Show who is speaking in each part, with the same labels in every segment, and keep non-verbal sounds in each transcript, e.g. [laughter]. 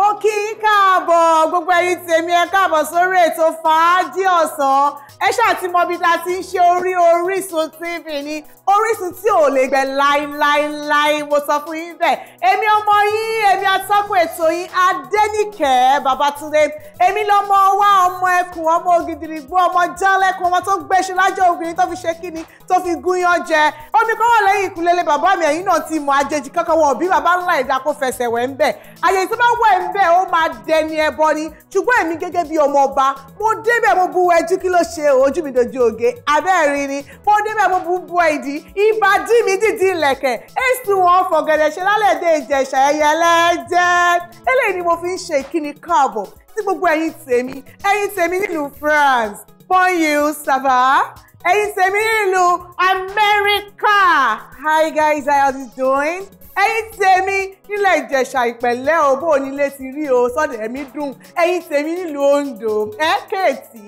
Speaker 1: Ô, Kika! káàbọ̀ gbogbo ẹ̀yin tèmi ẹ káàbọ̀ sórí ètò fàájì ọ̀sán ẹ ṣáà mọ ibi tá a ti ń ṣe orí Orísun TV ni Orísun tí ò lè gbẹ láíláíláí mo sọ fún yín bẹ́ẹ̀ èmi ọmọ yín èmi atọ́kùn ètò yín Adéníkẹ́ Babátúndé èmi lọmọ wá ọmọ ẹkùn ọmọ ògidìrìgbò ọmọ jálẹ̀kùn ọmọ tó gbéṣu lájọ obìnrin tó fi ṣe kíni tó fi gúnyán jẹ omi kan wà lẹ́yìn ìkúlélé bàbá mi ẹ̀yìn náà ti mọ àjèjì kankan wọn òbí bàbá ńlá ìdá kó fẹsẹ̀ wẹ̀ ń ẹni ẹbọ ni ṣùgbọ́n èmi gẹ́gẹ́ bí ọmọ ọba mo débẹ̀ mo bu ẹjú kí ló ṣe ojú mi dojú oge abẹ́rin ni mo débẹ̀ mo bu bu ìdí ìbàdí mi dìdí ìlẹ̀kẹ̀ èsì wọn fọ̀gẹ̀dẹ̀ ṣe lálẹ́dẹ̀ ìjẹ̀ṣà ẹ̀yẹ lẹ́jẹ́ eléyìí ni mo fi ń ṣe ìkíni káàbọ̀ sí gbogbo ẹ̀yin tèmi ẹ̀yin tèmi nílùú France bonjour ça va ẹ̀yin tèmi nílùú America hi guys how are you doing? ẹ̀yin tèmi nílẹ̀ ìjẹ̀ṣà ìpẹ̀lẹ́ o bó onílé ti rí o sọ́dọ̀ ẹ̀mí dùn ẹ̀yin tèmi nílùú ondo ẹ̀ kéètì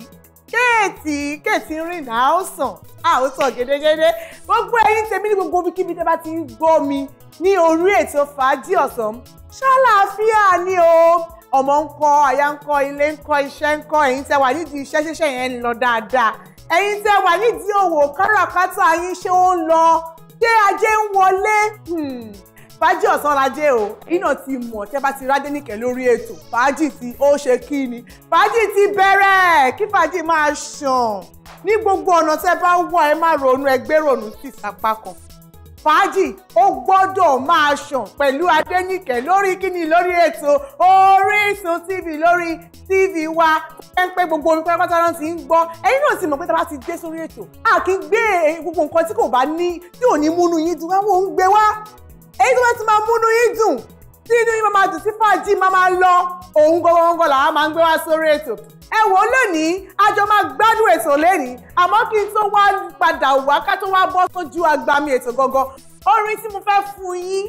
Speaker 1: kéètì kéètì ń rìn náà ó sàn á ó sàn gédégédé gbogbo ẹ̀yin tèmi ní gbogbo ibikíbi tẹ́ bá ti ń gbọ́ mi ní orí ètò fàájì ọ̀sán ṣàlàáfíà ni o ọmọ ń kọ aya ń kọ ilé ń kọ iṣẹ́ ń kọ ẹ̀yin tẹ́ wà nídìí iṣẹ́ ṣẹṣẹ yẹn ń lọ dáadáa ẹ̀yin tẹ́ wà nídìí òwò káràkátà yín ṣé ó ń lọ ṣé ajé ń wọlé hmm fàájì ọ̀sánlajẹ́ o iná ti mọ̀ tẹ́ bá ti rádé nìkẹ́ lórí ètò fàájì tí ó ṣe kí ni fàájì ti bẹ̀rẹ̀ kí fàájì máa ṣàn ní gbogbo ọ̀nà tẹ́ bá wọ̀ ẹ má ronú ẹgbẹ́ ronú sí sapá kan fàájì ó gbọ́dọ̀ máa ṣàn pẹ̀lú adẹ́nìkẹ́ lórí kíni lórí ètò Orísun TV lórí TV wa ẹ ń pẹ́ gbogbo orin pátápátá náà ti ń gbọ́ ẹ̀yin náà sì mọ̀ pé tá a bá ti dé sórí ètò a kì í gbé gbogbo nǹkan tí kò bá ní tí ò ní múnú yín dùn àwọn òun gbé wá èyí tó bá ti máa múnú yín dùn tí inú yín máa dùn tí fàájì máa máa lọ òun gbọgbọgbọ làwa máa ń gbé wá sórí ètò ẹ wò ó lónìí àjọ máa gbádùn ètò lẹ́nìí àmọ́ kí n tó wá padà wá ká tó wá bọ́ sójú agbami ètò gangan orin tí mo fẹ́ fún yín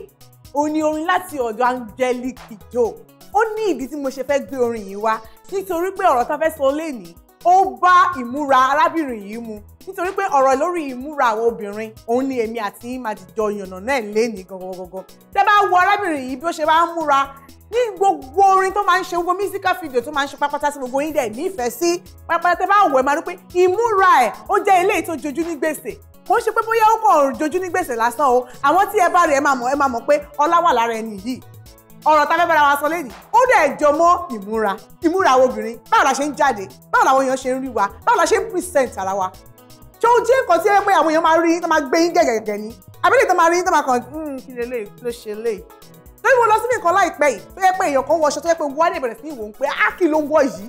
Speaker 1: òun ni orin láti ọ̀dọ̀ Angelique Kidjo ó ní ìdí tí mo ṣe fẹ́ gbé orin yìí wá nítorí pé ọ̀rọ̀ tá a fẹ́ sọ lẹ́nìí ó bá ìmúra arábìnrin yìí mu nítorí pé ọ̀rọ̀ lórí ìmúra àwọn obìnrin òun ni èmi àti yín yànnà náà lé ní gangan tẹ́ bá wo arábìnrin yìí bí ó ṣe bá ń múra ní gbogbo orin tó máa ń ṣe gbogbo musical video tó máa ń ṣe pápátá sí gbogbo yín dẹ̀ nífẹ̀ẹ́ sí pápátá tẹ́ bá wò ẹ́ máa rí pé ìmúra ẹ̀ ó jẹ́ eléyìí tó jojú ní gbèsè kò ṣe pé bóyá ó kàn jojú ní gbèsè lásán o àwọn tí ẹ bá rí ẹ máa mọ̀ ẹ máa mọ̀ pé ọlá wà lára ẹni yìí ọ̀rọ̀ tá a fẹ́ bára wa sọ lẹ́yìn ó dẹ̀ jọ mọ́ ìmúra ìmúra àwọn obìnrin báwo la ṣe ń jáde báwo làwọn èèyàn ṣe ń rí wa báwo la ṣe ń present ara wa ṣé o jẹ́ nǹkan tí ẹ pé àwọn èèyàn máa rí tó máa gbé yín gẹ̀gẹ̀gẹ̀ ni àbílẹ̀ tó máa rí tó máa kàn hmm, kí lè lè ló ṣe lè lórí mo lọ síbi nǹkan láìpẹ́ yìí tó yẹ pé èèyàn kan wọṣọ tó yẹ pé wọ́n á lè bẹ̀rẹ̀ sí ìwò ń pé á ah, kí ló ń wọ̀ yìí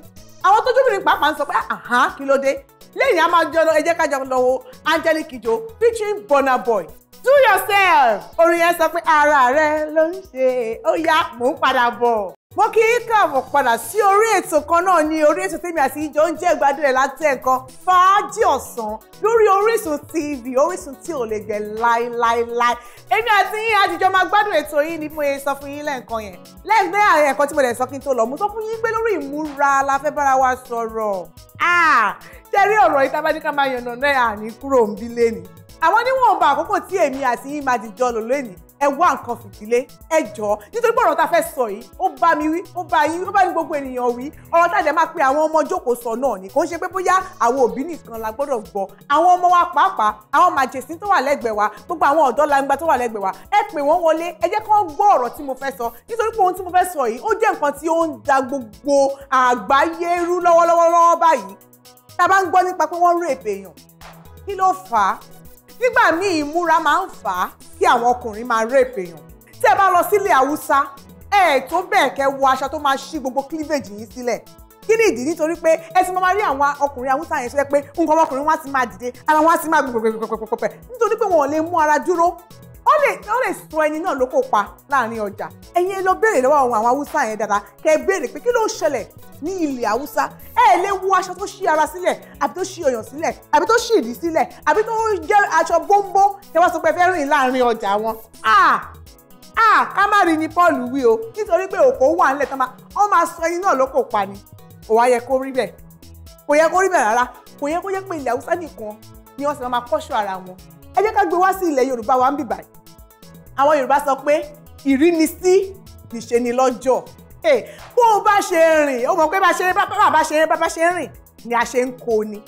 Speaker 1: àwọn tó jóbìnrin pàápàá ń sọ pé àhán kí ló dé lẹ́yìn a máa jọ lọ ẹ jẹ́ ká jọ lọ wo Angelique Kidjo featuring Burna Boy do yourself. orin yẹn sọ pé ara rẹ ló ń ṣe ó yá mò ń padà bọ̀. mo kí í kààbọ̀ padà sí orí ètò kan náà ní orí ètò tèmi àti ìjọ ń jẹ́ ìgbádùn ẹ̀ láti ẹ̀kan fàájì ọ̀sán lórí Orísun TV Orísun tí ò lè gbẹ láéláéláé èmi àti yín àtijọ́ máa gbádùn ètò yìí ni mo sọ fún yín lẹ́ẹ̀kan yẹn lẹ́gbẹ́ àwọn ẹ̀kan tí mo dẹ̀ sọ kí n tó lọ mo sọ fún yín pé lórí ìmúra la fẹ́ bára wa sọ̀rọ̀ ah, tẹ́rí ọ̀rọ̀ yìí tábàdí ká máa yànnà náà àní kúrò ń bí lẹ́nu àwọn níwọ̀nba àkókò tí èmi àti yín máa dìjọ lò lónìí ẹ wá nǹkan fìdílé ẹ jọ nítorí pé ọ̀rọ̀ tá a fẹ́ sọ yìí ó bá mi wí ó bá yín ó bá ní gbogbo ènìyàn wí ọ̀rọ̀ tá a jẹ́ máa pe àwọn ọmọ jókòó sọ náà ni kò ń ṣe pé bóyá àwọn òbí nìkan la gbọ́dọ̀ gbọ́ àwọn ọmọ wa pàápàá àwọn màjèsín tó wà lẹ́gbẹ̀ẹ́ wa gbogbo àwọn ọ̀dọ́ langba tó wà lẹ́gbẹ̀ẹ́ wa ẹ pè wọ́n wọlé ẹ jẹ́ kó gbọ́ ọ̀rọ̀ tí mo fẹ́ sọ nítorí pé ohun tí mo fẹ́ sọ yìí ó jẹ́ nǹkan tí ó ń da gbogbo àgbáyé rú lọ́wọ́lọ́wọ́ báyìí tá a bá ń gbọ́ nípa pé wọ́n ń rèpè èèyàn kí ló fà á nígbà míì ìmúra máa ń fà á kí àwọn ọkùnrin máa rèpè èèyàn tí ẹ bá lọ sílẹ̀ haúsá ẹ tó bẹ́ẹ̀ kẹ́ wọ aṣọ tó máa ṣí gbogbo cleavage yín sílẹ̀ kí ni ìdí nítorí pé ẹ ti máa rí àwọn ọkùnrin haúsá yẹn sọ pé nǹkan ọmọkùnrin wọn á ti máa dìde ara wọn á ti máa gbẹgbẹgbẹgbẹgbẹ nítorí pé wọn ò lè mú ara dúró ó lè ó lè sọ ẹni náà ló kó pa láàrin ọjà ẹ̀yin ẹ lọ béèrè lọ́wọ́ àwọn àwọn haúsá yẹn dáadáa kẹ́ ẹ béèrè pé kí ló ń ṣẹlẹ̀ ní ilẹ̀ haúsá ẹ ẹ lè wọ aṣọ tó ṣí ara sílẹ̀ àbí tó ṣí ọyàn sílẹ̀ àbí tó ṣí ìdí sílẹ̀ àbí tó jẹ́ aṣọ bóńbó kẹ́ wá sọ pé fẹ́ rìn láàrin ọjà wọn ah ká má rí ni Paul wí o nítorí pé òkò wà ńlẹ̀ tán wọ́n máa sọ ẹni náà ló kó pa ni ó wá yẹ kó rí bẹ́ẹ̀ kò yẹ kó rí bẹ́ẹ̀ rárá kò yẹ kó yẹ pé ilẹ̀ haúsá nìkan ni wọ́n sì máa kọ́ṣọ́ ara wọn ẹ jẹ́ ká gbé wá sí ilẹ̀ yorùbá wa ń bì báyìí àwọn yorùbá sọ pé ìrínisí níṣe ni lọ́jọ́ bó o bá ṣe rìn o mọ̀ pé bá ṣe bá ṣe rìn bá ṣe rìn ni a ṣe ń kó ni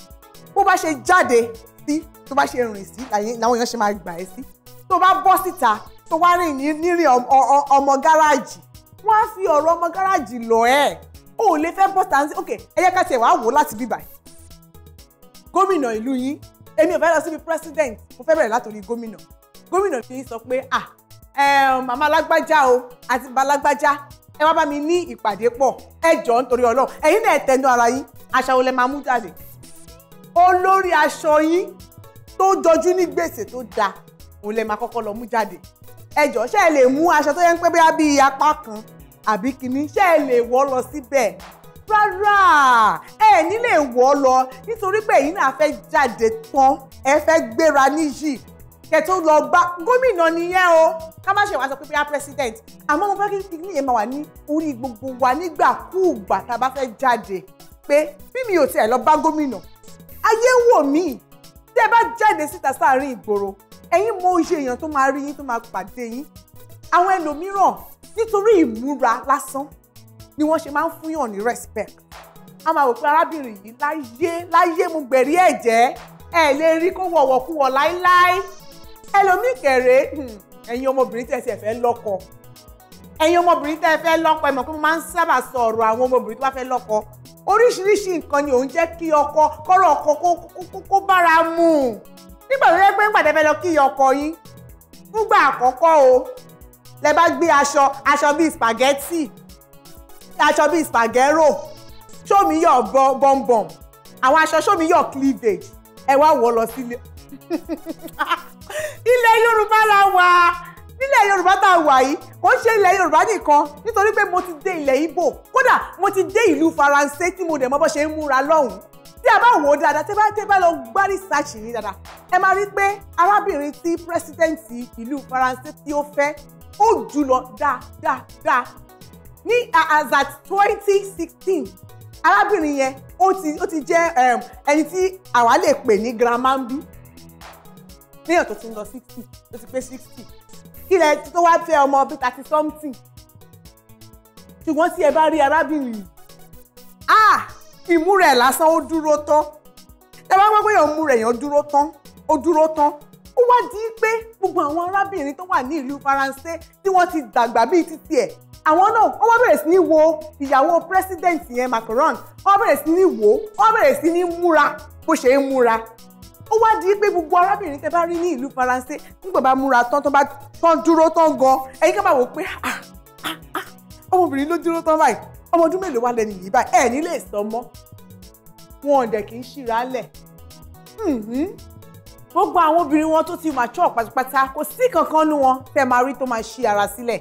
Speaker 1: bó bá ṣe jáde sí tó bá ṣe rìn sí làwọn èèyàn ṣe máa gbà ẹ́ sí tó bá bọ́ síta tó wá rìn nírìn ọmọ gáràjì wọ́n á fi ọ̀rọ̀ ọmọ gáràjì lọ ẹ́ o ò lè fẹ́ bọ́ta ok ẹ jẹ́ ká tiẹ̀ wá wò láti bíbà gómìnà ìlú yín èmi ò fẹ́ lọ síbi president mo fẹ́ bẹ̀rẹ̀ látòrí gómìnà gómìnà fi sọ pé ah màmá alágbájá o àti bàbá alágbájá ẹ wá bá mi ní ìpàdé pọ̀ ẹ jọ̀ọ́ nítorí Ọlọ́run ẹ̀yin náà tẹnu ara yín aṣọ àwọn ọlẹ́ máa mú jáde olórí aṣọ yín tó jọjú ní gbèsè tó da òun lẹ máa kọ́kọ́ lọ mú jáde ẹ jọ̀ọ́ ṣe é lè mú aṣọ tó yẹ ń pẹ́ bí apá kan àbí kìíní ṣe é lè wọ́ lọ síbẹ̀ rárá ẹ nílé wọ́ lọ nítorí pé ẹ̀yin náà fẹ́ jáde tán ẹ fẹ́ gbéra níyì kẹtó lọ bá gómìnà nìyẹn o ká má ṣe wá sọ pé bí i president àmọ́ mo fẹ́ kí kíní yẹn máa wà ní orí gbogbo wa nígbàkúùgbà tá a bá fẹ́ jáde pé bí mi ò tiẹ̀ lọ bá gómìnà ayé wò mí tẹ́ ẹ bá jáde síta sáàrin ìgboro ẹ̀yin mọ iṣẹ́ èèyàn tó máa rí yín tó máa pàdé yín àwọn ẹlòmíràn nítorí ìmúra lásán ni wọ́n ṣe máa ń fún yàn ní respect a máa wò pé arábìnrin yìí láyé láyé mu gbẹ̀rí ẹ̀jẹ̀ ẹ lè rí kó wọ̀wọ̀ kú wọ̀ láíláí ẹlòmíì kẹ̀rẹ́ hmm, ẹ̀yin ọmọbìnrin tẹ̀sí ẹ̀fẹ́ lọ́kọ ẹ̀yin ọmọbìnrin tẹ́ fẹ́ lọ́kọ ẹ mọ̀ pé mo máa ń sábà sọ ọ̀rọ̀ àwọn ọmọbìnrin tó bá fẹ́ lọ́kọ oríṣiríṣi nǹkan ni òun jẹ́ kí ọkọ kọ́rọ̀ ọkọ kó bára mu nígbà tó yẹ pé ńgbà tẹ́ fẹ́ lọ kí ọkọ yín fúngbà àkọ́kọ́ o lẹ bá gbé aṣọ aṣọ bíi spaghetti aṣọ bíi spagero show me your bọ̀m̀bọ̀m àwọn aṣọ show me your cleavage ẹ wá wọ̀ lọ sílé [laughs] ilẹ̀ yorùbá la wà nílẹ̀ yorùbá tá a wà yìí kò ń ṣe ilẹ̀ yorùbá nìkan nítorí pé mo ti dé ilẹ̀ ibo kódà mo ti dé ìlú faransé tí mo dẹ̀ mọ́ bó ṣe ń múra lọ́hùn-ún tí a bá wò ó dáadáa tí a bá tí a bá lọ gbá rìsáàchì yìí dáadáa ẹ máa rí pé arábìnrin tí pírẹsidẹ́ǹtì ìlú faransé tí ó fẹ́ ó jù lọ dáadáa ní as at twenty sixteen arábìnrin yẹn ó ti ó ti jẹ́ um, ẹni tí àwa lè pè ní grandma ń bí léèyàn tó ti ń lọ sixty tó ti pé sixty kí lẹ tó wá fẹ́ ọmọ bíi thirty something ṣùgbọ́n tí ẹ bá rí arábìnrin yìí ah ìmú rẹ̀ lásán ó dúró tán ẹ bá gbọ́ pé ìmú rẹ̀ yẹn ó dúró tán ó dúró tán ó wá di pé gbogbo àwọn arábìnrin tó wà ní ìlú faransé tí wọ́n ti dàgbà bíi títí ẹ̀ àwọn náà wọ́n wá bẹ̀rẹ̀ sí ní wo ìyàwó president yẹn Macron wọ́n bẹ̀rẹ̀ sí ní wo wọ́n bẹ̀rẹ̀ sí ní múra bó ṣe ń múra ó wá di pé gbogbo arábìnrin tẹ bá rí ní ìlú faransé nígbà bá múra tán tán bá tán dúró tán gan ẹ̀yin ká máa wò pé ah ah ah ọmọbìnrin ló dúró tán báyìí ọmọ ọdún mélòó wà lẹ́nu yìí báyìí ẹ̀ nílé ìsọ mọ́ wọn ọ̀dẹ̀ kì í ṣìra lẹ̀ mm-hmm. gbogbo àwọn obìnrin wọn tó ti mature pátápátá kò sí kankan nu wọn tẹ máa rí tó máa ṣí ara sílẹ̀.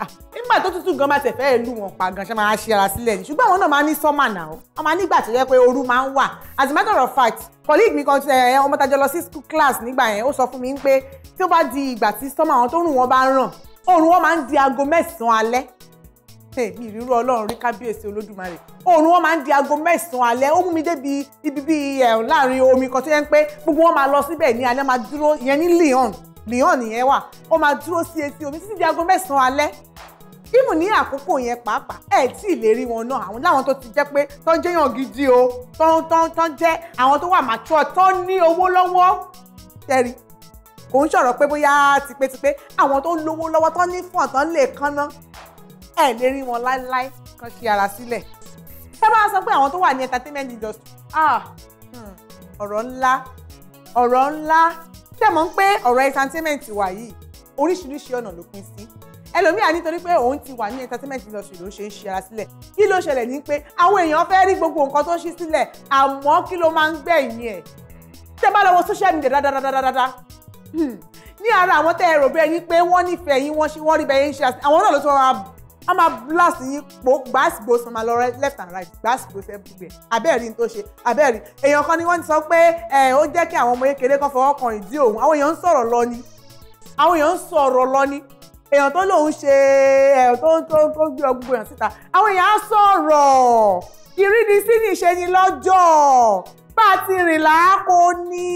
Speaker 1: Ah, nígbà tó tútù gan máa tẹ̀ fẹ́ lù wọ́n pa gan ṣe máa ṣe ara sílẹ̀ ni ṣùgbọ́n àwọn náà máa ní sọ́mà náà wọ́n máa nígbà tó yẹ pé ooru máa ń wà as a matter of fact colleague mi kan ẹ eh, eh, ọmọ tajọ lọ sí school class nígbà yẹn ó sọ fún mi pé tí ó bá di ìgbà tí sọ́mà àwọn tó rùn wọn bá ń ràn oòrùn wọn máa ń di aago mẹ́sàn-án alẹ́ mi ìrírú ọlọ́run rí kábíyèsí olódùmarè oòrùn wọn máa ń di aago mẹ́sàn-án alẹ́ ó mú mi débi ibi bíi eh, láàrin omi kan tó yẹ pé gbogbo wọn máa lọ síbẹ̀ ní alẹ́ máa dúró ìyẹn ní Lyon leon yẹn wà ó máa dúró sí etí omi títí di aago mẹ́sàn-án alẹ́ ìmù ní àkókò yẹn pàápàá ẹ tí ì lè rí wọn náà àwọn láwọn tó ti jẹ́ pé tó ń jẹyàn gidi o tó ń tó ń tó ń jẹ́ àwọn tó wà mature tó ń ní owó lọ́wọ́ tẹrí kò ń sọ̀rọ̀ pé bóyá tipẹ́tipẹ́ àwọn tó lówó lọ́wọ́ tó ní fún ọ̀tán lè kánná ẹ lè rí wọn láéláé kan ṣe ara sílẹ̀ ẹ bá sọ pé àwọn tó wà ní entertainment industry ah hmm, ọ̀rọ̀ ńlá ọ̀rọ̀ ńlá ṣé mọ̀ ń pé ọ̀rọ̀ entertainment wà yìí oríṣiríṣi ọ̀nà ló pín sí ẹlòmíà nítorí pé òun ti wà ní entertainment industry ló ṣe ń ṣe ara sílẹ̀ kí ló ṣẹlẹ̀ ní pé àwọn èèyàn fẹ́ rí gbogbo nǹkan tó ṣí sílẹ̀ àmọ́ kí ló máa ń gbẹ̀yìn ẹ̀ tẹ́ bá lọ wo social media dáadáa hmm, ní ara àwọn tẹ́ ẹ rò bẹ́ẹ̀ yín pé wọ́n nífẹ̀ẹ́ yín wọ́n rí bẹ́ẹ̀ yín ṣe àwọn náà ló tún máa a máa blast yín po gbàsìgbò sọ máa lọ left and right gbàsìgbò fẹ́ gbogbo ẹ̀ abẹ́ẹ̀rí ní tó ṣe abẹ́ẹ̀rí èèyàn kan ni wọ́n ti sọ pé ẹ̀ eh, ó jẹ́ kí àwọn ọmọ kékeré kan fọwọ́ kan ìdí òun àwọn èèyàn ń sọ̀rọ̀ lọ ni àwọn èèyàn ń sọ̀rọ̀ lọ ni èèyàn tó lòun ṣe ẹ̀ eh, tó tó tó gbé ọgbogbo èèyàn síta àwọn èèyàn á sọ̀rọ̀ ìrínisí nìṣe ni lọ́jọ́ bá a ti rìn làákò ní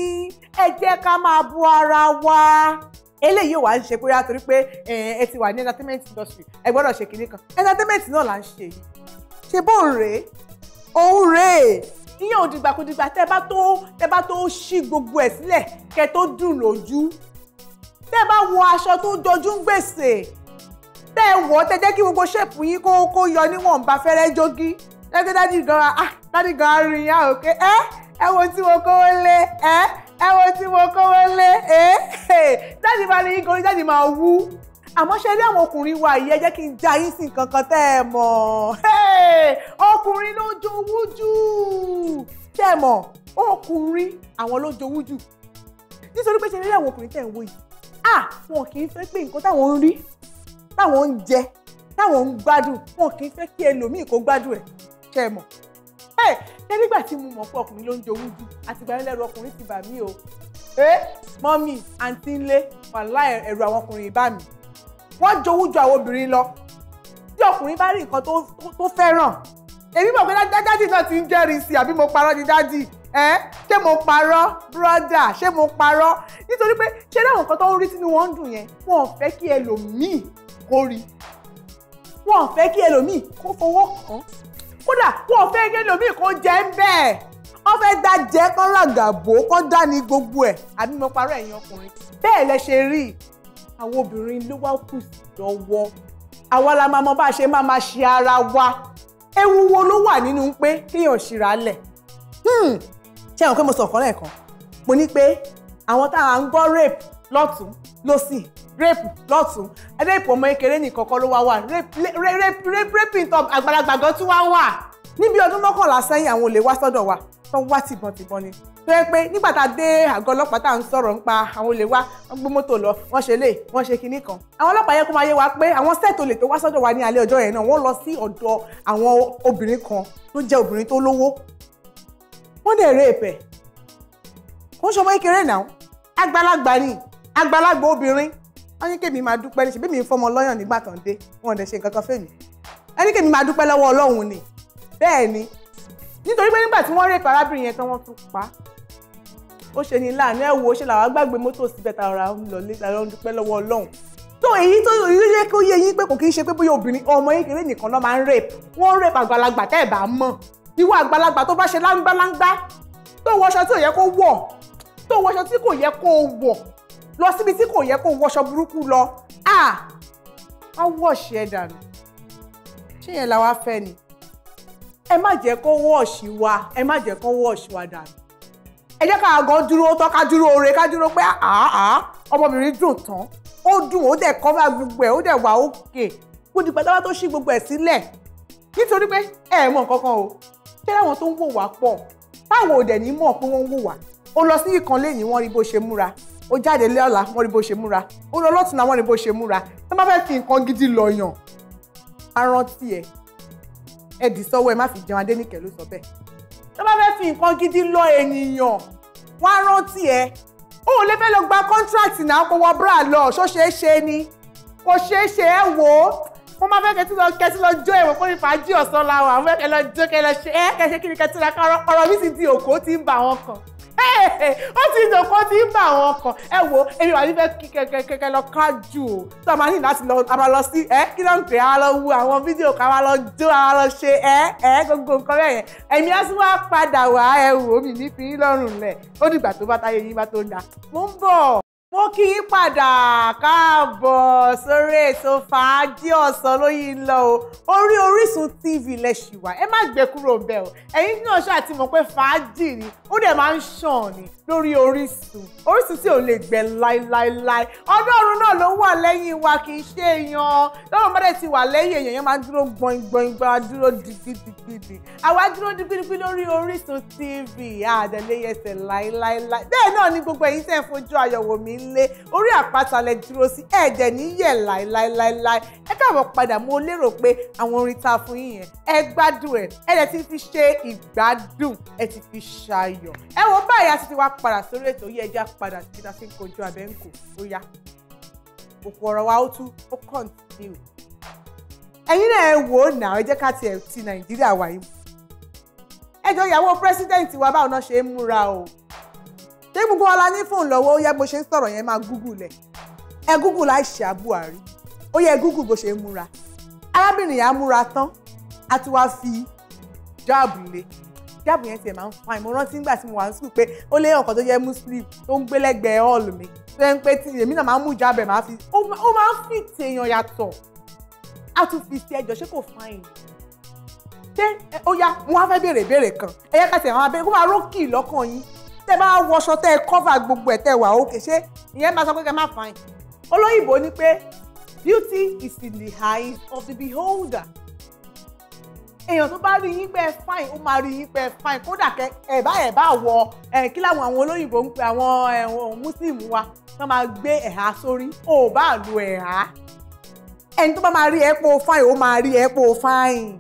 Speaker 1: ẹ jẹ́ ká máa bu ara wa eléyìí ò wá ń ṣe pé yá torí pé ẹ ti wà ní entertainment industry ẹ gbọ́dọ̀ ṣe kinní kan entertainment náà là ń ṣe yìí ṣe bó ń rèé òun rèé ìyẹn òdìgbàkudìgbà tẹ bá tó tẹ bá tó ṣí gbogbo ẹ sílẹ̀ kẹ tó dùn lójú tẹ bá wọ aṣọ tó jọjú ń gbèsè tẹ wọ tẹ jẹ́ kí gbogbo ṣèpù yín kó kó yọ níwọ̀nba fẹ́rẹ́ jógí dájúdájú gan-an ah, dájú gan rìn yá òkè ẹ ẹ wo tí mo kó lé ẹ ẹ wo tí mo kọ́ wọlé eh, eh, jáde máa ní nítorí jáde máa wú àmọ́ ṣe rí àwọn ọkùnrin wa yìí ẹ jẹ́ kí n já yín sí nǹkan kan tẹ́ ẹ mọ̀ ọkùnrin ló jowú jù tẹ́ ẹ mọ̀ ọkùnrin àwọn ló jowú jù nítorí pé ṣe rí àwọn ọkùnrin tẹ̀ ń wò yìí à ah, wọn kì í fẹ́ pé nǹkan táwọn ń rí táwọn ń jẹ táwọn ń gbádùn wọn kì í fẹ́ kí ẹlòmíì kó gbádùn ẹ̀ ṣe mọ̀ ẹ ṣé nígbà tí mo mọ̀ pé ọkùnrin ló ń jowú jù àtìgbà yẹn lẹ́rù ọkùnrin ti bà mí o ẹ eh, mọ́mì àǹtí ńlé wàhálà ẹ̀rù àwọn ọkùnrin ìbá mi wọ́n jowú ju àwọn obìnrin lọ tí ọkùnrin bá rí nǹkan tó fẹ́ràn èmi mọ̀ pé dájádì náà ti ń jẹ́rìí sí àbí mo parọ́ ní dádì ẹ eh, ṣé mo parọ́ bírọ́dà ṣé mo parọ́ nítorí pé ṣé dáhùn nǹkan tó ń rí sínú wọn ń dùn yẹn wọn ò fẹ́ kí ẹlòmíì kó rí wọn ò fẹ́ kí ẹlòmíì kó fọwọ́ kàn kódà kó o fẹ́ gé lómi kó jẹ́ ń bẹ́ẹ̀ wọ́n fẹ́ da jẹ́ kán làgàbò kán dání gbogbo ẹ̀ àbí mo parọ́ ẹ̀yin ọkùnrin bẹ́ẹ̀ lẹ ṣe rí àwọn obìnrin ló wá kù sí lọ́wọ́ àwa la máa mọ bá a ṣe máa máa ṣe ara wa ewu wo ló wà nínú pé kéèyàn ṣìra lẹ̀ hmm. ṣé àwọn pé mo sọ̀kan lẹ́ẹ̀kan mo ní pé àwọn táwọn ń gbọ́ rape lọ́tún lọ́sìn rape lọ́tún rape ọmọ kékeré nìkan kọ́ ló wá wà rape rape àgbàlagbà gan tún wá wà níbi ọdún mọ́kànlá sẹ́yìn àwọn olè wá sọ́dọ̀ wa tán wá tìbọntìbọn ni tó yẹ pé nígbà tá a dé àgọ́ ọlọ́pàá tá à ń sọ̀rọ̀ nípa àwọn olè wa wọ́n gbé mọ́tò lọ wọ́n ṣe lè wọ́n ṣe kinní kan àwọn ọlọ́pàá yẹ kó máa yé wa pé àwọn sẹ́ẹ̀tì olè tó wá sọ́dọ̀ wa ní alẹ́ ọjọ́ yẹn náà wọ́n lọ sí ọ̀dọ̀ àwọn obìnrin kan tó jẹ́ obìnrin tó lówó wọ́n dẹ̀ rẹ́ ẹ̀pẹ̀ wọ́n ṣọmọ kékeré náà àgbàlagbà ni àgbàlagbà obìnrin wọ́n ní kèmí máa dúpẹ́ ní ṣe bí mi ń fọmọ lọ́yàn nígbà kan dé wọn ò dẹ̀ ṣe nǹkan kan fèmí ẹ ní kèmí máa dúpẹ́ lọ́wọ́ ọlọ́run ni bẹ́ẹ̀ ni nítorí pé nígbà tí wọ́n rèé parábìnrin yẹn tán wọ́n tún pa á ó ṣe ní láàánú ẹ̀ wo ṣe làwọn gbàgbé mọ́tò síbẹ̀ tá ara ń lọ létà lọ́n dúpẹ́ lọ́wọ́ ọlọ́run tó èyí tó èyí yẹ kó yé yín pé kò kí ń ṣe pé bóyá obìnrin ọmọ yín kéré nìkan ló máa ń rape wọ́n rape àgbàlagbà tẹ́ ẹ̀ bá mọ̀ ìwọ àgbàlagbà tó bá ṣe láńgbáláńgbá tó wọṣọ tí ò yẹ kó wọ̀ tó wọṣọ tí kò yẹ kó wọ̀ lọ síbi tí kò yẹ kó wọṣọ burúkú lọ à á wọ̀ṣì ẹ̀ dànù ṣé yẹn làwa fẹ́ ni ẹ má jẹ́ kó wọ̀ṣì wa ẹ má jẹ́ kó wọ̀ṣì wa dànù ẹ jẹ́ ká gan dúró tán ká dúró oore ká dúró pé àá ọmọbìnrin dùn tán ó dùn ó dẹ̀ kọ́ bá gbogbo ẹ̀ ó dẹ̀ wà òkè kó dìgbà táwa tó ṣí gbogbo ẹ̀ sílẹ̀ nítorí pé ẹ mọ̀ nǹkan o ṣé láwọn tó ń wò wá pọ̀ táwọn ò dẹ̀ ní mọ̀ pé wọ́n ń wò wá o lọ sí ìkan lẹ́yìn rí bó ṣe múra ó jáde lọ́la wọ́n rí bó ṣe múra ó lọ lọ́tùnà wọ́n rí bó ṣe múra tó bá fẹ́ fi nǹkan gidi lọ yàn á rántí ẹ ẹ dì sọ́wọ́ ẹ má fi jẹun Adéníkẹ́ ló sọ bẹ́ẹ̀ tó bá fẹ́ fi nǹkan gidi lọ ènìyàn wọ́n á rántí ẹ ó lè fẹ́ lọ gba kọ́ńtíráàtì náà kó wọ bra lọ ṣó ṣeé ṣe ni kò ṣeé ṣe ẹ wò ó mo máa fẹ́ kẹtí lọ kẹtí lọ jó ẹ̀wọ̀n fún ìfàájì ọ̀sán la wà mo fẹ́ kẹ lọ jó kẹ lọ ṣe ẹ kẹ kí ni kẹtí la ọ̀rọ̀ mi sì di òkó tí ń bà wọ́n kàn ó ti dòkó tí ń bá àwọn ọkọ̀ ẹ wo èmi wà níbẹ̀ kí kẹ̀kẹ́ lọ kájú o tó a máa ní láti lọ a máa lọ sí ẹ kí ló ń pè á lọ wu àwọn fídíò ká wá lọ jó á lọ ṣe ẹ ẹ gbogbo nǹkan bẹ́ẹ̀ yẹn ẹ̀mí á sì wá padà wá ẹ wò mí ní fi lọ́rùn lẹ̀ ó dìgbà tó bá táyé yín bá tó dáa mo ń bọ̀ mo kì í padà káàbọ̀ sórí ètò fàájì ọ̀sán lóyè ń lọ o orí Orísun TV lẹ ṣì wà ẹ má gbé kúrò bẹ́ẹ̀ o ẹ̀yin náà ṣáà ti mọ̀ pé fàájì ni ó dẹ̀ máa ń ṣàn ni lórí Orísun Orísun tí ò lè gbẹ láéláéláé ọdọ́run náà ló wà lẹ́yìn wa kì í ṣe èèyàn lọ́rùn mọ́dẹ̀ ti wà lẹ́yìn èèyàn yẹn máa ń dúró gbọ̀ngbọ̀n gbọ̀n dúró digbidigbidi àwa dúró digbidigbi lórí Orísun TV àdẹ̀lẹ́yẹsẹ̀ láéláéláé bẹ́ẹ̀ náà ni gbogbo ẹ̀yin tẹ̀ fojú ayọ̀ wò mí nílé orí àpáta lẹ dúró sí ẹ̀jẹ̀ níyẹ̀ láéláéláé ẹ káàbọ̀ padà mo lérò pé àwọn orin tá a fún yín yẹn ẹ gbádùn ẹ ẹ lẹ ti fi ṣe ìgbádùn ẹ ti fi ṣayọ̀ ẹ wo báyìí a ti ti wá padà sórí ètò yìí ẹja padà sí ta fi ń kojú abẹ́ǹkò ó yá òkú ọ̀rọ̀ wa ó tún ó kàn sí o ẹ̀yin náà ẹ wò ó nà ẹ jẹ́ ká tiẹ̀ ti nàìjíríà wáyé ẹjọ́ ìyàwó pírẹ́sídẹ̀ǹtì wa báwo náà ṣe ń múra o ṣé gbogbo ọlá ní fóun lọ́wọ́ ó yẹ bó ṣe ń sọ̀rọ̀ yẹn máa google ẹ̀ ẹ google Aisha Buhari ó yẹ google bó ṣe ń múra arábìnrin yà á múra tán a ti wá fi jáàbù lé jáàbù yẹn tiẹ̀ máa ń fa ìmọ̀ rántí nígbà tí mo wà ní sùkúl pé ó léyàn kan tó jẹ́ muslim tó ń gbé lẹ́gbẹ̀ẹ́ hall mi tó yẹn ń pé tí èmi náà máa ń mú jáàbù ẹ̀ máa fi ó máa ń fi tèèyàn yàtọ̀ a tún fi ti ẹjọ́ ṣé kò fáyìn ṣé ó yá mo wá fẹ́ béèrè béèrè kan ẹ̀yẹ́ kàtẹ́ àwọn abẹ́rẹ́ kó máa rókì lọ́kàn yín tẹ bá wọṣọ tẹ cover gbogbo ẹ tẹ wà òkè ṣé ìyẹn máa sọ pé kẹ má fine olóyìnbó ní pé beauty is in the eyes of the beholder èèyàn tó bá rí yín pé fine ó máa rí yín pé fine kódà kẹ ẹ bá ẹ bá wọ ẹ kí làwọn àwọn olóyìnbó ń pe àwọn ẹwọn muslim wa tó máa gbé ẹ̀há sórí ó bá lu ẹ̀há ẹni tó bá máa rí ẹ̀pọ̀ fine ó máa rí ẹ̀pọ̀ fine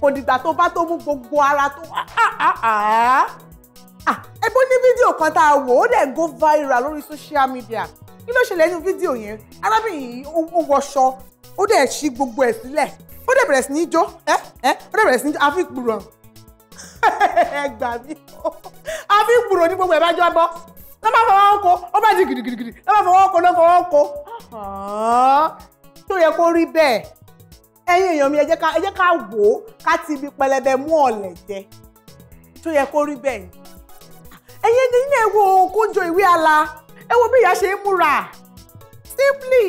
Speaker 1: kò dìgbà tó bá tó mú gbogbo ara tó á á á Ah, ẹ bó ní fídíò kan tá a wò ó dẹ̀ go viral lórí social media kí ló ṣẹlẹ̀ nínú fídíò yẹn arábìnrin ó wọṣọ ó dẹ̀ ṣí gbogbo ẹ̀ sílẹ̀ ó dẹ̀ bẹ̀rẹ̀ sí ní jó ẹ́ ẹ́ ó dẹ̀ bẹ̀rẹ̀ sí ní jó àfi ìpùrọ̀ [laughs] ẹ gbà mí àfi ìpùrọ̀ ní gbogbo ẹ̀ bá jọ bọ́ lọ́ máa fọwọ́ ko ó bá di gidigidi lọ́ máa fọwọ́ ko lọ́ fọwọ́ ko tó yẹ kó rí bẹ́ẹ̀ ẹ̀yin èèyàn mi ẹ jẹ́ ká wò ó ká ti ibi pẹlẹbẹ mú ọ̀lẹ̀ jẹ tó yẹ kó rí bẹ́ẹ̀ ẹ̀yin ẹ̀yin náà wo kóńjọ ìwé ala ẹ wo bí ìyá ṣe ń múra simply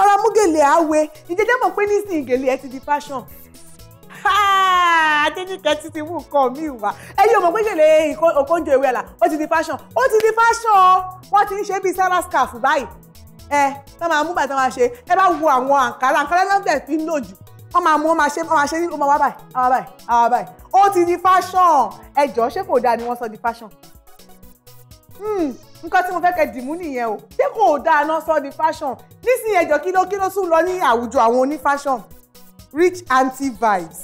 Speaker 1: ara mú gèlè àwẹ ìjẹjẹ mọ̀ pé nísìnyí gèlè ẹ ti di fashion adéníkẹ́ ti ti mú nǹkan mi wá ẹ̀yin ò mọ̀ pé gèlè ìwé ala ó ti di fashion ó ti di fashion wọ́n ti ń ṣe bíi sarah scarf báyìí ẹ tá máa mú bàtà máa ṣe ẹ bá wo àwọn àǹkárá àǹkárá lọ́dẹ̀ fi ń lò jù wọ́n máa mú wọ́n máa ṣe wọ́n máa ṣe wọ́n máa wá báyìí àwọn báyìí àwọn báyìí ó ti di fashion ẹjọ́ ṣé kò dáa ni wọ́n sọ di fashion Hmm, nǹkan tí mo fẹ́ kẹ́ dìmú nìyẹn o ṣé kò dáa náà sọ di fashion nísìnyí ẹjọ́ kí ló kí ló tún lọ ní àwùjọ àwọn oní fashion rich aunty vibes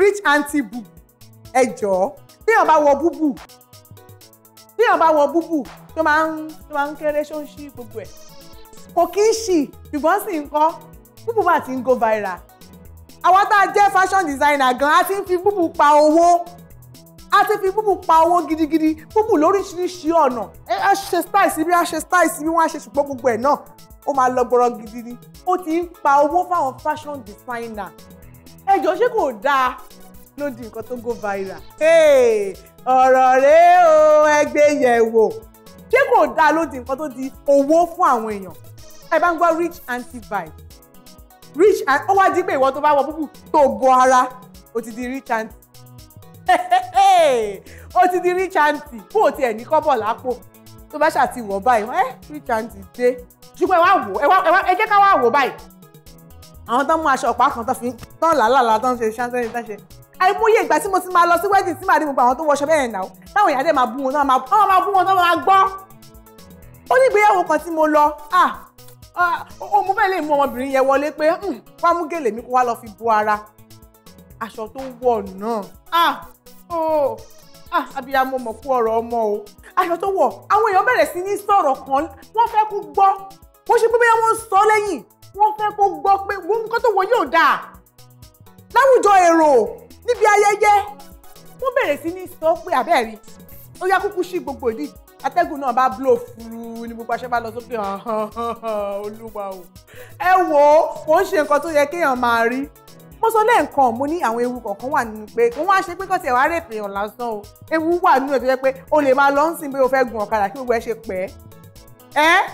Speaker 1: rich aunty boo ẹjọ́ téèyàn bá wọ búbù téèyàn bá wọ búbù tó máa ń tó máa ń kéré ṣó ń ṣí gbogbo ẹ̀ kò kí ń ṣì ṣùgbọ́n sì ń kọ́ búbù bá ti ń go viral àwa tá a jẹ́ fashion designer gan a ti ń fi búbù pa owó a ti fi búbù pa owó gidigidi búbù lóríṣiríṣi ọ̀nà a ṣe style sí bí a ṣe style sí bí wọ́n á ṣe ṣùgbọ́n gbogbo ẹ̀ náà ó máa lọ gbọ́rọ̀ gidi ni ó ti ń pa owó fáwọn fashion designer ẹjọ́ ṣé kò dáa ló di nǹkan tó go viral ọ̀rọ̀ rèé o ẹgbẹ́ yẹ̀ wò ṣé kò dáa ló di nǹkan tó di owó fún àwọn èèyàn ẹ bá ń gbọ́ rich aunty vibe rich ó wá di pé ìwọ tó bá wọ búbù tó bo ara ó ti di rich aunty ó ti di rich aunty kó o tiẹ̀ ní kọ́bọ̀ lápò tó bá ṣàti wọ̀ báyìí ẹ eh, rich aunty dé ṣùgbọ́n ẹ wá wò ẹ wá ẹ wá ẹ jẹ́ ká wá wò báyìí àwọn tó ń mú aṣọ ọ̀pá kan tó fi tán làálàá tó ń ṣe ṣáńtẹ́rì tó ń ṣe àìmọye ìgbà tí mo ti máa lọ sí wedding tí màá rí gbogbo àwọn tó wọṣọ bẹ́ẹ̀ náà táwọn èèyàn dẹ̀ máa bú wọn náà máa bú wọn náà máa gbọ́ ó ní ìgbéyàwó kan tí mo lọ ah, ah, ó mo fẹ́ lè mú ọmọbìnrin yẹn wọlé pé hmm, wá mú gèlè mi kó wá lọ fi bu ara aṣọ tó wọ̀ náà ah oh ah abiyamọ mọ̀ kú ọ̀rọ̀ ọmọ o aṣọ tó wọ̀ àwọn èèyàn bẹ̀rẹ̀ sí ní sọ̀rọ̀ kan wọ́n fẹ́ kó gbọ́ bó ṣe pé bóyá wọ́n ń sọ lẹ́yìn wọ́n fẹ́ kó gbọ́ pé wọ́n nǹkan tó wọ̀ yóò dáa láwùjọ èrò níbi ayẹyẹ wọ́n bẹ̀rẹ̀ sí ní sọ pé àbẹ́ẹ̀rí ó yá kúkú sí gbogbo ìdí atẹ́gùn náà bá blow fúru ni gbogbo aṣẹ́ bá lọ sókè [laughs] olúwa o ẹ wò ó kò ń ṣe nǹkan tó yẹ kéèyàn máa rí mo sọ lẹ́ẹ̀kan mo ní àwọn ewu kọ̀ọ̀kan wà nínú pé kò wá ṣe pé kọ́sì ẹ̀wá rè pèèyàn lásán o ewu wà nínú ẹ̀ tó jẹ́ pé o lè máa lọ ń pé o fẹ́ gun ọ̀kadà kí gbogbo ẹ̀ ṣe pẹ́ ẹ́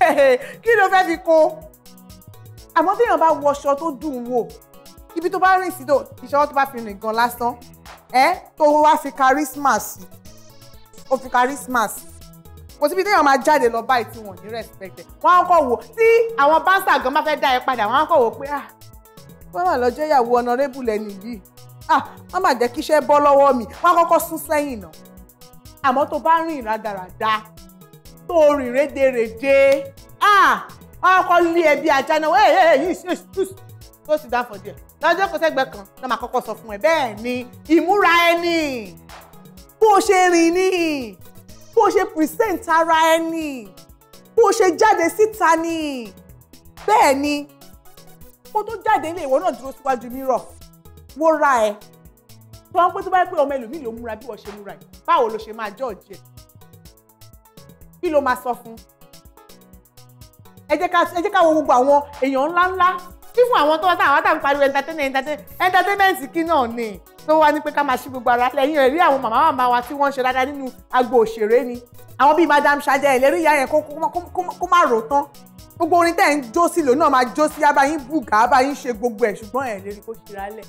Speaker 1: [laughs] kí ló fẹ́ fi kó àmọ́ téèyàn bá wọṣọ tó dùn wò ibi tó bá rìn sí tó ìṣọwọ́ tó bá fi rìn gan lásán ẹ́ tó wá fi charisma sí o fi charisma sí kò síbi téèyàn máa jáde lọ báyìí tí wọn ò ní respect wọn á kọ wò tí àwọn báńsà gan bá fẹ́ dá ẹ padà wọn á kọ wò pé ah wọ́n mà lọ́jọ́ ìyàwó ọ̀nàrẹ́bù lẹ́nu yìí ah wọ́n mà jẹ́ kí iṣẹ́ bọ́ lọ́wọ́ mi wọ́n á kọ́kọ́ sún sẹ́yìn náà àmọ́ tó bá rìn rádaràda tó rìn rédèrèdè ah ọkọ lé ẹbí ajá náà ẹ ẹ yìí ṣe ṣùṣù tó ti dá fọdí ẹ lọ́jọ́ kò sẹ́gbẹ́ kan náà máa kọ́kọ́ sọ fún ẹ bẹ́ẹ̀ ni ìmúra ẹni bó ṣe rìn ni bó ṣe present ara ẹni bó ṣe jáde síta ni bẹ́ẹ̀ ni kó tó jáde ilé ìwọ náà dúró síwájú mírọ̀ wo ra ẹ tó ń pé tó bá pé ọmọ ẹlòmíì ló múra bí wọ́n ṣe múra ẹ báwo ló ṣe máa jọ́ọ̀jì ẹ kí ló máa sọ fún ẹ jẹ́ ká wo gbogbo àwọn èèyàn ńláńlá kí fún àwọn tó wá sáà wá tàbí pariwo entertainment kí náà ni tó wá ní pé ká máa ṣí gbogbo ara lẹ́yìn rẹ̀ rí àwọn màmá màmá wa tí wọ́n ń ṣe dáadáa nínú agbo òṣèré ni àwọn bíi madam ṣajẹ ìlérí ìyá yẹn kó má rò tán gbogbo orin tẹ̀ ń jó sí lòun náà máa jó sí abayín bùkà abayín ṣe gbogbo ẹ̀ ṣùgbọ́n ẹ̀ lè rí kó ṣíra lẹ̀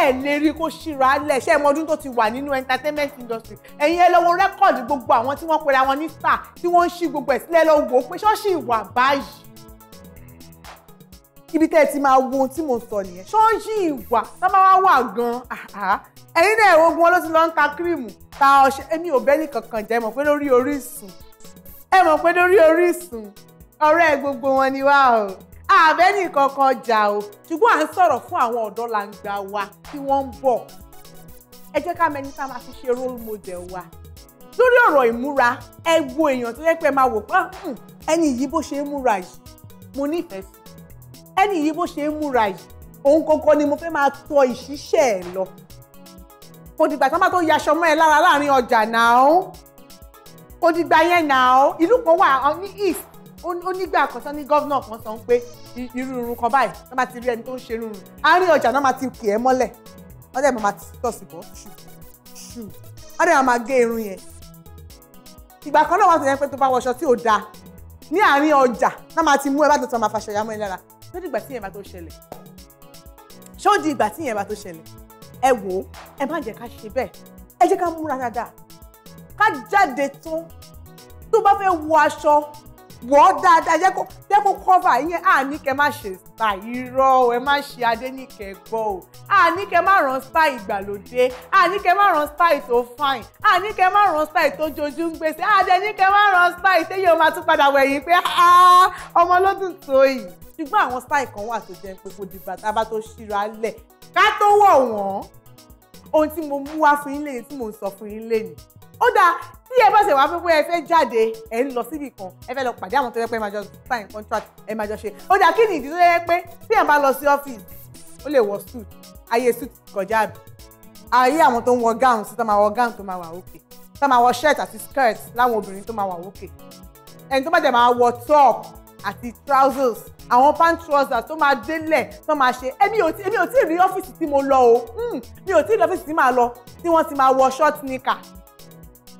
Speaker 1: ẹ̀ lè rí kó ṣíra lẹ̀ ṣé ẹ̀ mọ ọdún tó ti wà nínú entertainment industry ẹ̀yin ẹ lọ wo rẹ́kọ̀dì gbogbo àwọn tí wọ́n pera wọn ní star tí wọ́n ń ṣí gbogbo ẹ̀ sílẹ̀ lọ wò ó pé ṣọ́ọ̀ṣì wà báyìí ibi tẹ́ ẹ ti máa wo ohun tí mo sọ nìyẹn ṣọ́ọ̀ṣì ìwà sábà wá wà gan-an ẹ̀yin náà ogun wọn ló ti lọ ń ta kírìmù ta ọṣẹ èmi ò bẹ́ẹ̀ nìkankan jẹ́ mọ̀ pé lórí Orísun ẹ mọ̀ pé lórí Orísun ọ̀rẹ́ gbogbo wọn ni wá o àbẹ́ni kankan jà o ṣùgbọ́n à ń sọ̀rọ̀ fún àwọn ọ̀dọ́ làǹgbà wa tí wọ́n ń bọ̀ ẹ jẹ́ ká mẹni tá a máa fi ṣe role model wa lórí ọ̀rọ̀ ìmúra ẹ wo èèyàn tó yẹ pé máa wò pé ah, hmm, ẹni yìí bó ṣe ń múra yìí mo nífẹ̀ẹ́ sí ẹni yìí bó ṣe ń múra yìí òun kọ́kọ́ ni mo fẹ́ máa tọ ìṣiṣẹ́ ẹ̀ lọ kò dìgbà tí wọ́n bá tó yaṣọ mọ́ ẹ lára láàrin ọjà náà kò dìgbà yẹn nà ó ìlú kan wà ní east onígbà kan sọ ní gọ́vnà kan sọ pé irú irun kan báyìí náà máa ti rí ẹni tó ń ṣe irun àárín ọjà náà máa ti kì ẹ́ mọ́lẹ̀ wọ́n dẹ̀ máa ti tọ̀sí bọ́ ṣù ṣù wọ́n dẹ̀ máa gé irun yẹn ìgbà kan náà wọ́n sọ yẹn pé tó bá wọṣọ tí ò dáa ní àárín ọjà náà máa ti mú ẹ bá tó máa faṣọ ìyàmọ́ ẹ lára ṣó di ìgbà tí yẹn bá tó ṣẹlẹ̀ ṣó di ìgbà tí yẹn bá tó ṣẹlẹ̀ ẹ wò ó ẹ má ká jáde tán tó bá fẹ́ wọ aṣọ wọ̀ ọ́ dáadáa jẹ́ kó jẹ́ kó cover yín àní kẹ́ má ṣe style irọ́ o ẹ má ṣe adéníkẹ́ gbọ́ o àní kẹ́ má ràn style ìgbàlódé àní kẹ́ má ràn style tó fine àní kẹ́ má ràn style tó jojú ń gbèsè àdéní kẹ́ má ràn style téyẹ̀ ó máa tún padà wẹ̀yìn pé ah, ah, ọmọ lọ́dún tó yìí ṣùgbọ́n àwọn style kan wà tó jẹ́ pé kò dìgbà tá a bá tó ṣíra lẹ̀ ká tó wọ̀ wọ́n ohun tí mo mú wá fún yín lẹ́yìn ó dáa tí ẹ bá ṣe wá fún pé ẹ fẹ́ jáde ẹ ń lọ síbì kan ẹ fẹ́ lọ pàdé àwọn tó yẹ pé ẹ máa jọ sign contract ẹ máa jọ ṣe ó dáa kí ni ìdí tó yẹ pé tí ẹ bá lọ sí ọ́fíìsì ó lè wọ suit ayé suit kọjá àbí ayé àwọn tó ń wọ gown sí tó máa wọ gown tó máa wà òkè tó máa wọ shirt àti skirt láwọn obìnrin tó máa wà òkè ẹni tó bá dẹ̀ máa wọ top àti trousers àwọn pant trousers tó máa délẹ̀ tó máa ṣe èmi ò tí èmi ò tí ì rí ọ́fíìsì tí mo lọ o hmm, mi ò tí ì rí ọ́fíìsì tí màá lọ tí wọ́n ti máa wọ short knicker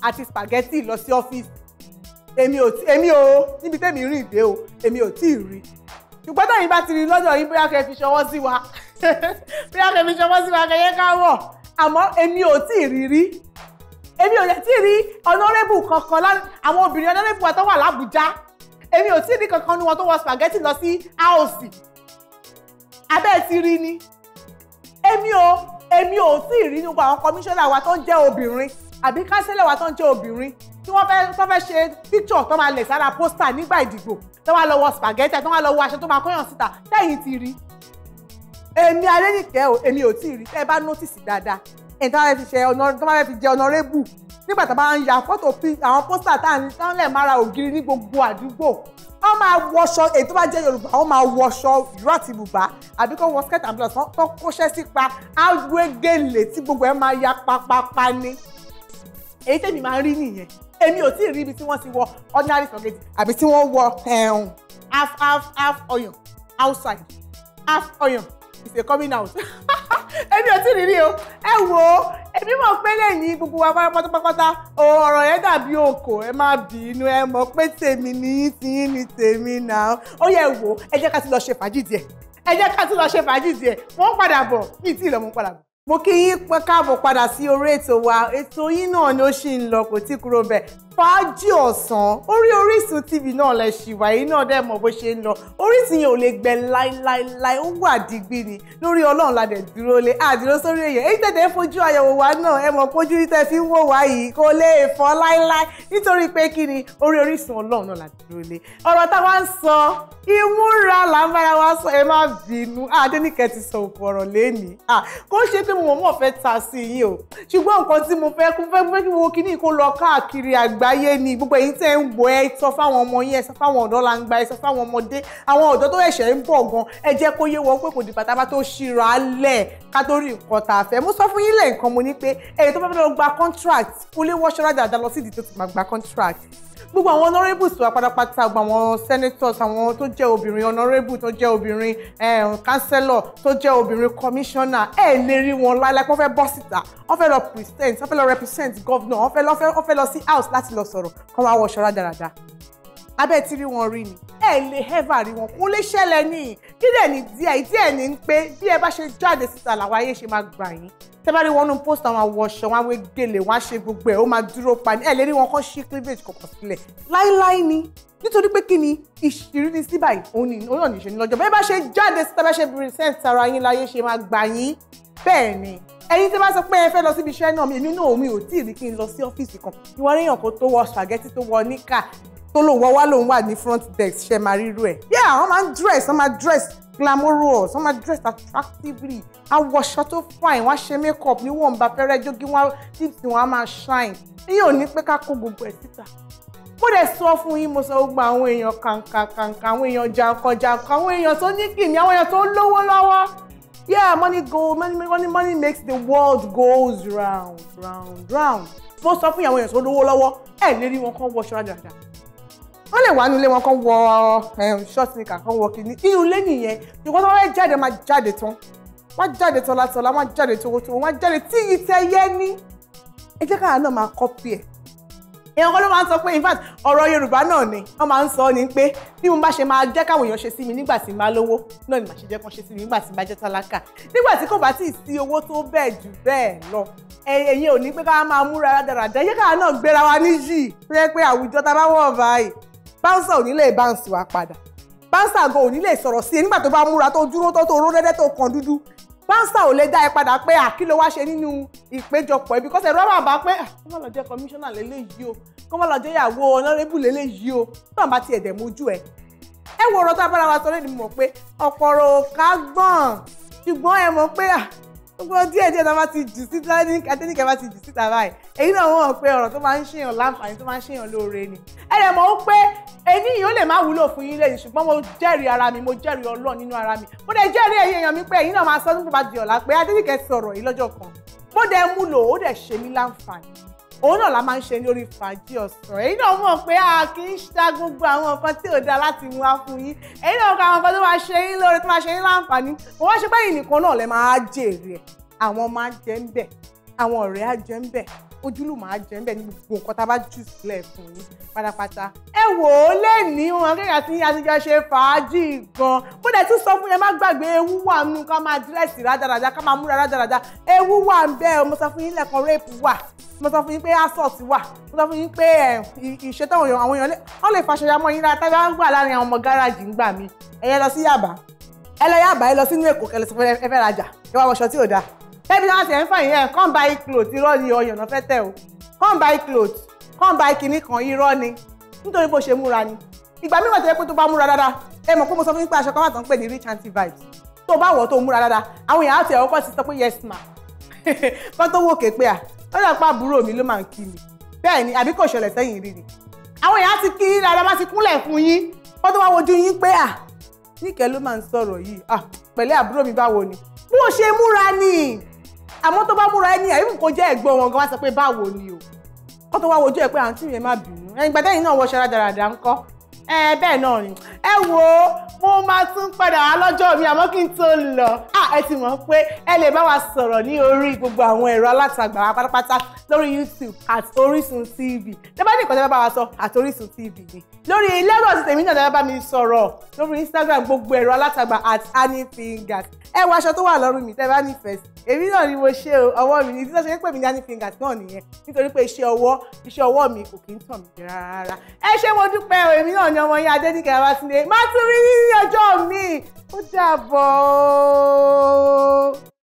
Speaker 1: àti spaghetti lọ sí ọ́fíìsì èmi ò tí èmi ò níbi tẹ́mi rìn dé o èmi ò tí ì rí ṣùgbọ́n tẹ̀yìn bá ti rí lọ́dọ̀ yín bóyá kẹ́ fi ṣọwọ́ sí wa [laughs] bóyá kẹ́ fi ṣọwọ́ sí wa kẹ́ yẹ ká wọ̀ àmọ́ èmi ò tí ì rí rí èmi ò tí ì rí ọ̀nọ́rẹ́bù kankan àwọn obìnrin ọ̀nọ́rẹ́bù wa tó wà lábújá èmi ò tí ì rí kankan nu wọn tó wọ spaghetti lọ sí áòsì abẹ́ ti rí ni èmi ò èmi ò tí ì rí nípa àwọn kọmíṣánná wa tó ń jẹ́ obìnrin àbí kánsílẹ̀ wa tó ń jẹ́ obìnrin tí wọ́n fẹ́ tó fẹ́ ṣe píkṣọ̀ tó máa lẹ̀ sára pósítà nígbà ìdìbò tó máa lọ wọ spaghetti tó máa lọ wọ aṣọ tó máa kóyàn síta tẹ́yìn ti rí èmi Adénìkẹ́ o èmi ò tí ì rí tẹ́ ẹ bá nọ́tìsì dáadáa èyí tó máa fi ṣe ọ̀nà tó máa fi jẹ ọ̀nàrẹ́bù nígbà tó máa ń ya fọ́tò pí àwọn pósítà tá à ń tán lẹ̀ mára ògiri ní gbogbo àdúgbò wọ́n máa wọṣọ èyí tó bá jẹ́ Yorùbá wọ́n máa wọṣọ ìró àti bùbá àbí kó wọ skirt and blouse tó kóṣẹ́ sípa áwé gèlè tí gbogbo ẹ̀ máa ya papapa ni èyí tèmi máa ń rí nìyẹn èmi ò tí ì rí ibi tí wọ́n ti wọ ordinary spaghetti àbí tí wọ́n wọ half half half ọyàn outside half ọyàn is a coming out [laughs] èmi ò tí ì rí rí o ẹ wo èmi mọ̀ pé lẹ́yìn gbogbo wa pátápátá ọ̀rọ̀ yẹn dàbí òkò ẹ má bínú ẹ mọ̀ pé tèmi ní tìyín ní tèmi náà ó yẹ wò ẹ jẹ́ ká ti lọ ṣe fàájì díẹ̀ ẹ jẹ́ ká ti lọ ṣe fàájì díẹ̀ wọ́n padà bọ̀ bíi tí ìlọ́mú padà bọ̀ mo kí yín káàbọ̀ padà sí orí ètò wa ètò yín náà ni ó ṣì ń lọ kò tí kúrò bẹ́ẹ̀ fàájì ọ̀sán orí Orísun TV náà lẹ ṣìwà yìí náà dẹ́ mọ̀ bó ṣe ń lọ Orísun yẹn ò lè gbẹ láíláíláí ó wà digbí ni lórí Ọlọ́run la dẹ̀ dúró lé àdúró sórí èèyàn èyí tẹ̀tẹ̀ fojú àyẹ̀wò wa náà ẹ mọ̀ pójú tẹ́ fi ń wò wá yìí kò lè fọ́ láíláí nítorí pé kí ni orí Orísun Ọlọ́run náà la dúró lé ọ̀rọ̀ tá a wá ń sọ ìmúra là ń bára wa sọ ẹ má bínú Adéníkẹ́ ti sọ òkú ọ̀rọ̀ lẹ́ni kó ṣe pé mo mọ̀ fẹ́ ta sí yín o ṣùgbọ́n nǹkan tí mo fẹ́ kó fẹ́ kí wo kíní kó lọ káàkiri àgbà àgbáyé ni gbogbo èyí tẹ́ ń wọ ẹ sọ fáwọn ọmọ yín ẹ sọ fáwọn ọ̀dọ́ la ń gba ẹ sọ fáwọn ọmọdé àwọn ọ̀dọ́ tó ẹ̀ṣẹ̀ ń bọ̀ gan ẹ jẹ́ kó yé wọn pé kò dìbà tá tó ṣíra lẹ̀ ká tó rí nǹkan tá a fẹ́ mo sọ fún yín lẹ́ẹ̀kan mo ní pé èyí tó bá fẹ́ lọ gba contract kúlé wọ́ṣọ́ rájà dá lọ sí ìdí tó ti máa gba contract gbogbo àwọn honourables wa pátápátá gbogbo àwọn senators àwọn tó jẹ́ obìnrin honourable tó jẹ́ obìnrin eh, councillor tó jẹ́ obìnrin commissioner ẹ̀ lè rí wọn láìláì pé wọ́n fẹ́ bọ́ síta wọ́n fẹ́ lọ present wọ́n fẹ́ lọ represent governor wọ́n fẹ́ lọ wọ́n fẹ́ lọ sí house láti lọ sọ̀rọ̀ kọ́ wá wọṣọ rádaràda abẹ́ tí rí wọn rí ni ẹ̀ lè ever rí wọn kò lè ṣẹlẹ̀ ní kí lè ní díẹ̀ ìtí ẹ̀ ní pé bí ẹ bá ṣe jáde síta làwọn ayé ṣe máa gbà yín tẹ bá rí wọn nú post àwọn awọṣọ wọn awé gèlè wọn á ṣe gbogbo ẹ ó máa dúró pa ní ẹ lè rí wọn kàn ṣí cleavage kọ̀ọ̀kan sílẹ̀ láíláí ni nítorí pé kí ni ìṣírí ni síbà òun ni òun náà níṣe ní lọ́jọ́ bẹ́ẹ̀ bá ṣe jáde síta bá ṣe present ara yín láyé ṣe máa gbà yín bẹ́ẹ̀ ni ẹ̀yin tí bá sọ pé ẹ fẹ́ lọ síbi iṣẹ́ náà mi èmi náà mi ò tí ì rí kí n lọ sí ọ́fíìsì kan ìwọ aréyàn kan tó wọ spaghetti tó wọ níkà tó lòun wọ́n wá lòun wà ní front desk ṣe máa rírú ẹ̀. yeah wọ́n máa ń dress wọ́n máa dress glamorous wọ́n máa dress attractively awọṣọ tó fine wọ́n á ṣe make up níwọ̀n bá fẹ́rẹ́ jógí wọ́n lips wọn á máa shine èyí ò ní pé ká kó gbogbo ẹ̀ síta. mo dẹ̀ sọ fún yín mo sọ gbogbo àwọn èèyàn kàǹkà kàǹkà àwọn èèyàn jàǹkàn jàǹkàn àwọn èèyàn tó ní kìmí àwọn èèyàn tó lówó lọ́wọ́ yeah money go money money money makes the world goes round round round mo sọ fún àwọn èèyàn tó lówó lọ́wọ́ ẹ̀ lérí wọn kàn wọṣọ rádaràdà wọ́n lè wà nínú ilé wọn kán wọ eh, short sneaker kán wọ kìíní inú ilé nìyẹn ṣùgbọ́n tó wọ́n jáde máa jáde tán wọ́n jáde tán látọ̀lá wọ́n jáde tòwótòwó wọ́n jáde tí ìtẹ́yẹ ní ẹ jẹ́ káà náà máa kọ́pì ẹ̀ èèyàn kan ló máa ń sọ pé in fact ọ̀rọ̀ yorùbá náà ni wọ́n máa ń sọ ọ́ ni pé bí mo bá ṣe máa jẹ́ káwọn èèyàn ṣe sí mi nígbà tí máa lówó náà ni màá ṣe jẹ́ kán ṣe sí mi nígbà tí bá jẹ́ tálákà nígbà tí kò bá tí ì sí owó tó bẹ́ẹ̀ jù bẹ́ẹ̀ lọ ẹ̀yin ò ní pé ká máa múra dáradára jẹ́ káà náà gbéra wa níyì pé pé àwùjọ ta bá wọ̀ báyìí báńsà ò ní lè báńsì wá padà báńsà gan ò ní lè sọ̀rọ̀ sí i nígbà tó bá múra tó dúró tó tó ró dẹ́dẹ́ tó kan dúdú báńsà ò lè dá ẹ padà pé àkìlọ̀ wá ṣe nínú ìpéjọpọ̀ ẹ because ẹ̀rọ àbá pé kọ́ má lọ jẹ́ kọmíṣánná lélẹ́yìí o kọ́ má lọ jẹ́ ìyàwó ọ̀nàrẹ́bù lélẹ́yìí o tó àbá tiẹ̀ dẹ̀ mójú ẹ̀ ẹ wo ọ̀rọ̀ tá a bára wa sọ lẹ́nu mọ̀ pé ọ̀pọ̀ ọ̀rọ̀ ká gbọ́n ṣùgbọ́n ẹ mọ̀ pé gbogbo díẹ̀ díẹ̀ náà bá ti jù síta ní atẹ́nìkẹ́ bá ti jù síta báyìí èyí náà wọ́n hàn pé ọ̀rọ̀ tó máa ń ṣèyàn láǹfààní tó máa ń ṣèyàn lóore ni ẹ lè mọ̀ ó pé ẹni yìí ó lè má wúlò fún yín lẹ́yìn ṣùgbọ́n mo jẹ́rìí ara mi mo jẹ́rìí Ọlọ́run nínú ara mi mo dẹ̀ jẹ́rìí ẹ̀yin èèyàn mi pé èyí náà máa sọ nípa bá di ọ̀la pé atẹ́nìkẹ́ sọ̀rọ̀ yìí lọ́jọ́ kan mo dẹ̀ mú lò ó dẹ̀ ṣe mí láǹfààní òun náà la máa ń ṣe lórí fàájì ọ̀sán ẹ̀yin náà mọ̀ pé a kì í ṣá gbogbo àwọn nǹkan tí ò da láti mú wá fún yín ẹ̀yin náà kọ àwọn nǹkan tó máa ṣe yín lóore tó máa ṣe yín láǹfààní mo wá ṣe báyìí nìkan náà lẹ máa jèrè ẹ̀ àwọn máa jẹ́ ń bẹ̀ àwọn ọ̀rẹ́ á jẹ́ ń bẹ̀ ojúlùmọ̀ àjọ ẹ̀ ń bẹ̀ ní gbogbo nǹkan tá a bá jù sílẹ̀ fún yín pátápátá. ẹ wò ó lè ní wọn akẹ́kọ̀ọ́ àti àtijọ́ ṣe fàájì gan bó dẹ̀ tún sọ fún yẹn má gbàgbé ewu wà nù ká máa dírẹ́sì rádaràda ká máa múra rádaràda ewu wà ń bẹ́ẹ̀ mo sọ fún yín lẹ́kọ̀ọ́ rẹ́ẹ̀pù wà mo sọ fún yín pé assault wà mo sọ fún yín pé ìṣètò àwọn èèyàn wọn lè fàṣẹyà mọ́ yín lára tábí wọn gbà láàrin àwọn ọmọ gáràjì ń gbà mí ẹ yẹ lọ sí yàbá ẹ lọ yàbá ẹ lọ sínú èkó kẹlẹ sọ fún ẹ fẹ́ rajà ẹ wá wọṣọ tí ò dáa ṣebí náà ṣe ń fà yẹn come buy cloth irọ́ ni ọyàn náà fẹ́ tẹ̀ o come buy cloth come buy kinní kan irọ́ ni nítorí bó ṣe múra ni ìgbà mìíràn tó yẹ pé tó bá múra dáadáa ẹ mọ̀ pé mo sọ fún yín pé aṣọ kan wà tó ń pè ní rich aunty vibes tó bá wọ̀ tó múra dáadáa àwọn èèyàn á ti ọkọ̀ sí sọ pé yes ma kọ́ [laughs] tó wò ké pé à lọ́dọ̀ pa àbúrò mi ló máa ń kí mi bẹ́ẹ̀ ni àbí kò ṣẹlẹ̀ sẹ́yìn rírì àwọn èèyàn á ti kí dáadáa má ti kúnlẹ̀ fún yín kọ́ tó wá wojú yín pé à níkẹ́ ló máa ń sọ̀rọ̀ yìí à pẹ̀lẹ́ àbúrò mi báwo ni bó ṣe múra ni àmọ́ tó bá múra ẹni àyè kò jẹ́ ẹ̀gbọ́n wọn gan wá sọ pé báwo ni o wọ́n tó wá wojú ẹ̀ pé àǹtí mi ẹ má bínú ẹ̀yìn gbàdẹ́yìn náà wọṣọ rádaràdà ń kọ́ ẹ bẹ́ẹ̀ náà ni ẹ wo mo máa tún padà wá lọ́jọ́ mi àmọ́ kí n tó lọ ẹ ti mọ̀ pé ẹ lè bá wa sọ̀rọ̀ ní orí gbogbo àwọn ẹ̀rọ alátagbà wa pátápátá lórí YouTube at Orísun TV tẹ bá ní ìkọ́jọ́ bá wa sọ at Orísun TV ni lórí lẹ́rọ̀sì tèmi náà dábàá mi sọ̀rọ̀ lórí Instagram gbogbo ẹ̀rọ alátagbà at anything gas ẹ wo aṣọ tó wà lọ́rùn mi tẹ bá nífẹ̀ẹ́ sí èmi náà ni mo ṣe ọwọ́ mi ní títí ṣe pé mi dání fingers náà nìyẹn nítorí pé iṣẹ́ ọwọ́ iṣẹ́ ọwọ́ mi kò kí ń tàn mí rárá ẹ ṣé mo dúpẹ́ o èmi náà ni ọmọ yín Adéníkẹ́ Babátúndé má tún rí ní ọjọ́ mi ó dàbọ̀.